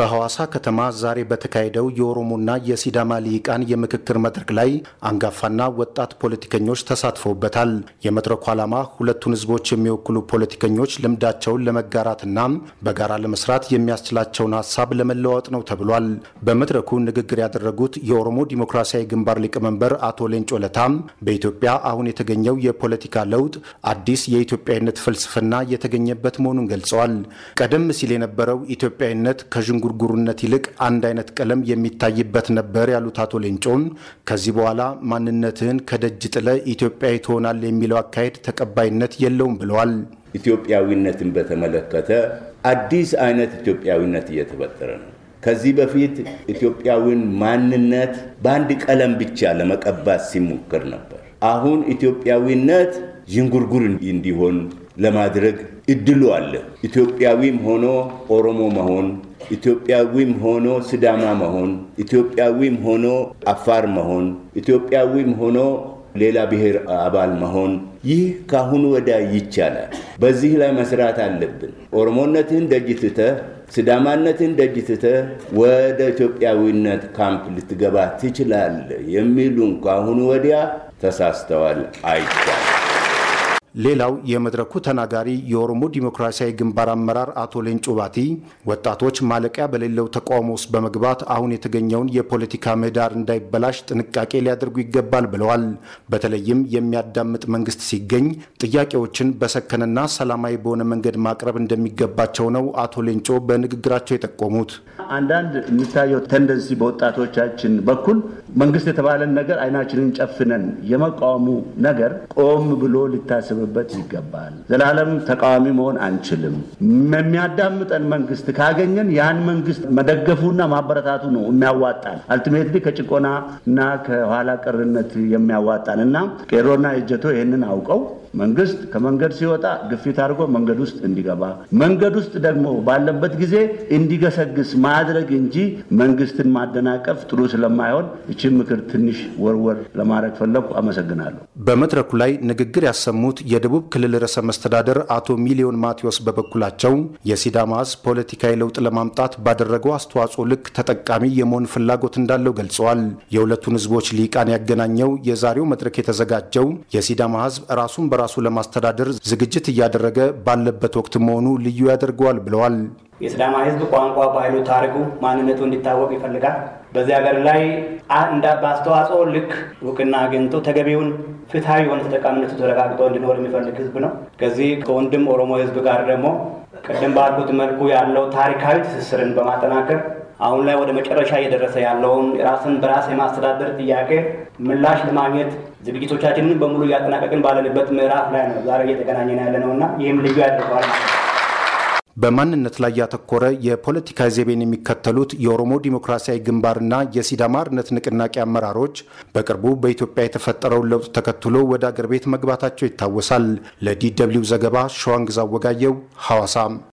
በሐዋሳ ከተማ ዛሬ በተካሄደው የኦሮሞና የሲዳማ ሊቃን የምክክር መድረክ ላይ አንጋፋና ወጣት ፖለቲከኞች ተሳትፈውበታል። የመድረኩ ዓላማ ሁለቱን ህዝቦች የሚወክሉ ፖለቲከኞች ልምዳቸውን ለመጋራትና በጋራ ለመስራት የሚያስችላቸውን ሀሳብ ለመለዋወጥ ነው ተብሏል። በመድረኩ ንግግር ያደረጉት የኦሮሞ ዲሞክራሲያዊ ግንባር ሊቀመንበር አቶ ሌንጮ ለታም በኢትዮጵያ አሁን የተገኘው የፖለቲካ ለውጥ አዲስ የኢትዮጵያዊነት ፍልስፍና የተገኘበት መሆኑን ገልጸዋል። ቀደም ሲል የነበረው ኢትዮጵያዊነት ከዥንጉ ከጉርጉርነት ይልቅ አንድ አይነት ቀለም የሚታይበት ነበር ያሉት አቶ ሌንጮን ከዚህ በኋላ ማንነትህን ከደጅ ጥለ ኢትዮጵያዊ ትሆናል የሚለው አካሄድ ተቀባይነት የለውም ብለዋል። ኢትዮጵያዊነትን በተመለከተ አዲስ አይነት ኢትዮጵያዊነት እየተፈጠረ ነው። ከዚህ በፊት ኢትዮጵያዊን ማንነት በአንድ ቀለም ብቻ ለመቀባት ሲሞክር ነበር። አሁን ኢትዮጵያዊነት ዥንጉርጉር እንዲሆን ለማድረግ እድሉ አለ። ኢትዮጵያዊም ሆኖ ኦሮሞ መሆን ኢትዮጵያዊም ሆኖ ስዳማ መሆን፣ ኢትዮጵያዊም ሆኖ አፋር መሆን፣ ኢትዮጵያዊም ሆኖ ሌላ ብሔር አባል መሆን ይህ ካአሁኑ ወዲያ ይቻላል። በዚህ ላይ መስራት አለብን። ኦሮሞነትህን ደጅ ትተህ ስዳማነትን ደጅ ትተህ ወደ ኢትዮጵያዊነት ካምፕ ልትገባ ትችላለህ የሚሉን ካአሁኑ ወዲያ ተሳስተዋል። አይቻልም። ሌላው የመድረኩ ተናጋሪ የኦሮሞ ዲሞክራሲያዊ ግንባር አመራር አቶ ሌንጮ ባቲ ወጣቶች ማለቂያ በሌለው ተቃውሞ ውስጥ በመግባት አሁን የተገኘውን የፖለቲካ ምህዳር እንዳይበላሽ ጥንቃቄ ሊያደርጉ ይገባል ብለዋል። በተለይም የሚያዳምጥ መንግስት ሲገኝ ጥያቄዎችን በሰከነና ሰላማዊ በሆነ መንገድ ማቅረብ እንደሚገባቸው ነው አቶ ሌንጮ በንግግራቸው የጠቆሙት። አንዳንድ የሚታየው ተንደንሲ በወጣቶቻችን በኩል መንግስት የተባለን ነገር አይናችንን ጨፍነን የመቃወሙ ነገር ቆም ብሎ ሊታስብ ልንቆምበት ይገባል። ዘላለም ተቃዋሚ መሆን አንችልም። የሚያዳምጠን መንግስት ካገኘን ያን መንግስት መደገፉና ማበረታቱ ነው የሚያዋጣን። አልቲሜትሊ ከጭቆና እና ከኋላ ቀርነት የሚያዋጣን እና ቄሮና እጀቶ ይህንን አውቀው መንግስት ከመንገድ ሲወጣ ግፊት አድርጎ መንገድ ውስጥ እንዲገባ መንገድ ውስጥ ደግሞ ባለበት ጊዜ እንዲገሰግስ ማድረግ እንጂ መንግስትን ማደናቀፍ ጥሩ ስለማይሆን ይችን ምክር ትንሽ ወርወር ለማድረግ ፈለግኩ። አመሰግናለሁ። በመድረኩ ላይ ንግግር ያሰሙት የደቡብ ክልል ርዕሰ መስተዳደር አቶ ሚሊዮን ማቴዎስ በበኩላቸው የሲዳማ ሕዝብ ፖለቲካዊ ለውጥ ለማምጣት ባደረገው አስተዋጽኦ ልክ ተጠቃሚ የመሆን ፍላጎት እንዳለው ገልጸዋል። የሁለቱን ህዝቦች ሊቃን ያገናኘው የዛሬው መድረክ የተዘጋጀው የሲዳማ ህዝብ ራሱን በ በራሱ ለማስተዳደር ዝግጅት እያደረገ ባለበት ወቅት መሆኑ ልዩ ያደርገዋል ብለዋል። የስዳማ ህዝብ ቋንቋ፣ ባህሉ፣ ታሪኩ፣ ማንነቱ እንዲታወቅ ይፈልጋል። በዚህ ሀገር ላይ በአስተዋጽኦ ልክ እውቅና አግኝቶ ተገቢውን ፍትሐዊ የሆነ ተጠቃሚነቱ ተረጋግጦ እንዲኖር የሚፈልግ ህዝብ ነው። ከዚህ ከወንድም ኦሮሞ ህዝብ ጋር ደግሞ ቅድም ባልኩት መልኩ ያለው ታሪካዊ ትስስርን በማጠናከር አሁን ላይ ወደ መጨረሻ እየደረሰ ያለውን ራስን በራስ የማስተዳደር ጥያቄ ምላሽ ለማግኘት ዝግጅቶቻችንን በሙሉ እያጠናቀቅን ባለንበት ምዕራፍ ላይ ነው ዛሬ እየተገናኘን ያለ ነውና ይህም ልዩ ያደርገዋል በማንነት ላይ ያተኮረ የፖለቲካ ዘይቤን የሚከተሉት የኦሮሞ ዲሞክራሲያዊ ግንባርና የሲዳማ አርነት ንቅናቄ አመራሮች በቅርቡ በኢትዮጵያ የተፈጠረውን ለውጥ ተከትሎ ወደ አገር ቤት መግባታቸው ይታወሳል። ለዲ ደብልዩ ዘገባ ሸዋንግዛ ወጋየው ሐዋሳም